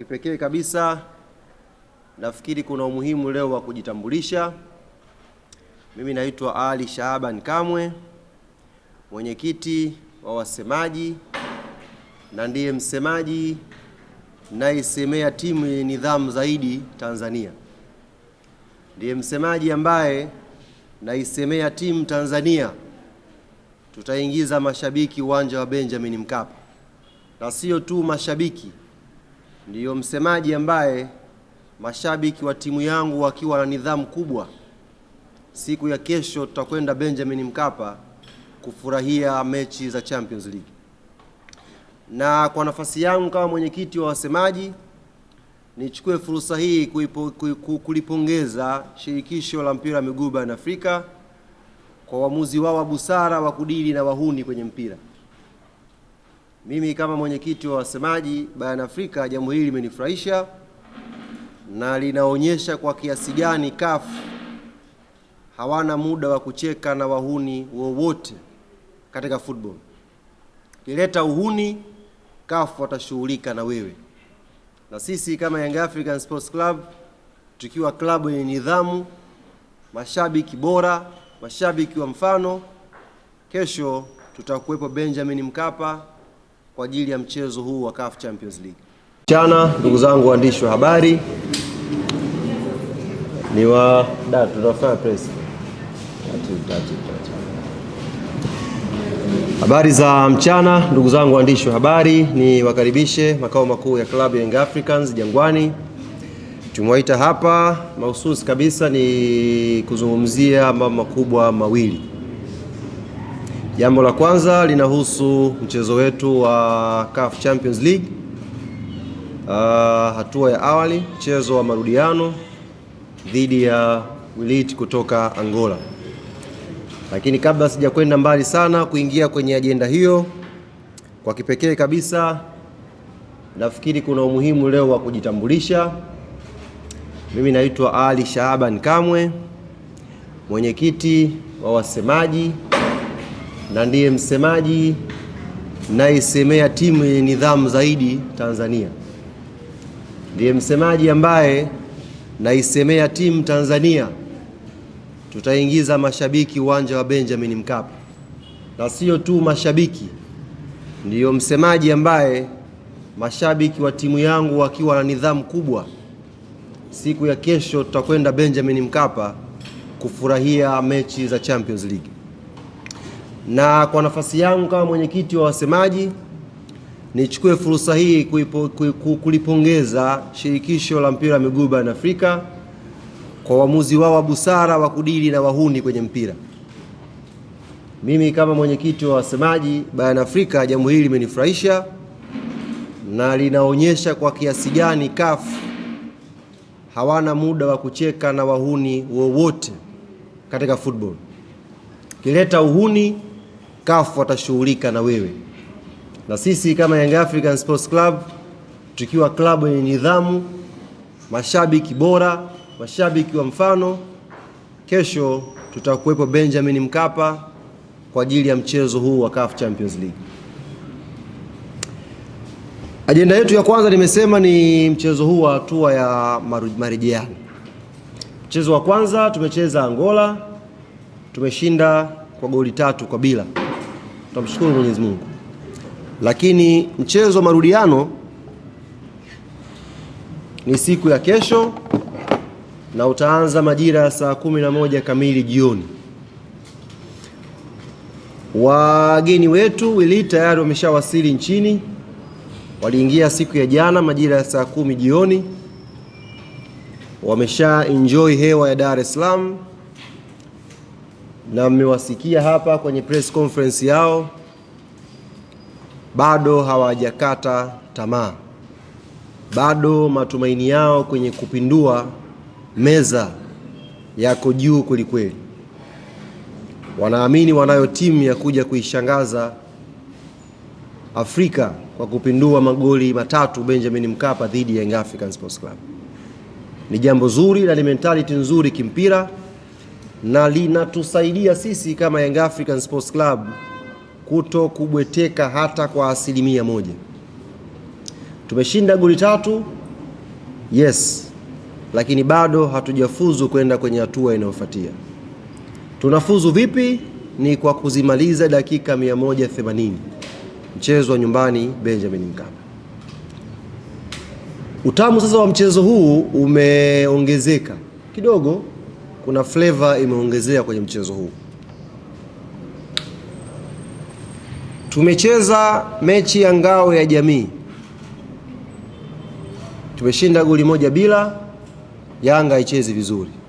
Kipekee kabisa nafikiri kuna umuhimu leo wa kujitambulisha. Mimi naitwa Ali Shahaban Kamwe, mwenyekiti wa wasemaji na ndiye msemaji naisemea timu yenye nidhamu zaidi Tanzania, ndiye msemaji ambaye naisemea timu Tanzania tutaingiza mashabiki uwanja wa Benjamin Mkapa, na sio tu mashabiki ndiyo msemaji ambaye mashabiki wa timu yangu wakiwa na nidhamu kubwa, siku ya kesho tutakwenda Benjamin Mkapa kufurahia mechi za Champions League, na kwa nafasi yangu kama mwenyekiti wa wasemaji nichukue fursa hii kuipo, kulipongeza shirikisho la mpira wa miguu barani Afrika kwa uamuzi wao wa busara wa kudili na wahuni kwenye mpira. Mimi kama mwenyekiti wa wasemaji barani Afrika, jambo hili limenifurahisha na linaonyesha kwa kiasi gani CAF hawana muda wa kucheka na wahuni wowote katika football. Kileta uhuni, CAF watashughulika na wewe. Na sisi kama Young African Sports Club tukiwa klabu yenye nidhamu, mashabiki bora, mashabiki wa mfano, kesho tutakuwepo Benjamin Mkapa kwa ajili ya mchezo huu wa CAF Champions League. Chana ndugu zangu waandishi wa habari, ni wa da tutafanya press Habari za mchana ndugu zangu waandishi wa habari, ni wakaribishe makao makuu ya klabu ya Young Africans Jangwani. Tumewaita hapa mahususi kabisa ni kuzungumzia mambo makubwa mawili. Jambo la kwanza linahusu mchezo wetu wa CAF Champions League uh, hatua ya awali, mchezo wa marudiano dhidi ya Wilit kutoka Angola. Lakini kabla sijakwenda mbali sana kuingia kwenye ajenda hiyo, kwa kipekee kabisa nafikiri kuna umuhimu leo wa kujitambulisha. Mimi naitwa Ali shaaban Kamwe, mwenyekiti wa wasemaji na ndiye msemaji naisemea timu yenye nidhamu zaidi Tanzania, ndiye msemaji ambaye naisemea timu Tanzania. Tutaingiza mashabiki uwanja wa Benjamin Mkapa, na sio tu mashabiki, ndiyo msemaji ambaye mashabiki wa timu yangu wakiwa na nidhamu kubwa, siku ya kesho tutakwenda Benjamin Mkapa kufurahia mechi za Champions League. Na kwa nafasi yangu kama mwenyekiti wa wasemaji, nichukue fursa hii kulipongeza shirikisho la mpira wa miguu barani Afrika kwa uamuzi wao wa busara wa kudili na wahuni kwenye mpira. Mimi kama mwenyekiti wa wasemaji barani Afrika, jambo hili limenifurahisha na linaonyesha kwa kiasi gani CAF hawana muda wa kucheka na wahuni wowote katika football. Kileta uhuni kafu watashughulika na wewe. Na sisi kama Young African Sports Club tukiwa klabu yenye nidhamu, mashabiki bora, mashabiki wa mfano, kesho tutakuwepo Benjamin Mkapa kwa ajili ya mchezo huu wa CAF Champions League. Ajenda yetu ya kwanza nimesema ni mchezo huu wa hatua ya marejeano. Mchezo wa kwanza tumecheza Angola, tumeshinda kwa goli tatu kwa bila. Tunamshukuru Mwenyezi Mungu, lakini mchezo wa marudiano ni siku ya kesho na utaanza majira ya saa kumi na moja kamili jioni. Wageni wetu wili tayari wameshawasili nchini, waliingia siku ya jana majira ya saa kumi jioni, wamesha enjoy hewa ya Dar es Salaam na mmewasikia hapa kwenye press conference yao, bado hawajakata tamaa, bado matumaini yao kwenye kupindua meza yako juu kwelikweli. Wanaamini wanayo timu ya kuja kuishangaza Afrika kwa kupindua magoli matatu Benjamin Mkapa dhidi ya Young African Sports Club. Ni jambo zuri na ni mentality nzuri kimpira na linatusaidia sisi kama Young African Sports Club kuto kubweteka hata kwa asilimia moja. Tumeshinda goli tatu, yes, lakini bado hatujafuzu kwenda kwenye hatua inayofuatia. Tunafuzu vipi? Ni kwa kuzimaliza dakika 180 mchezo wa nyumbani Benjamin Mkapa. Utamu sasa wa mchezo huu umeongezeka kidogo kuna flavor imeongezea kwenye mchezo huu. Tumecheza mechi ya ngao ya jamii, tumeshinda goli moja bila. Yanga haichezi vizuri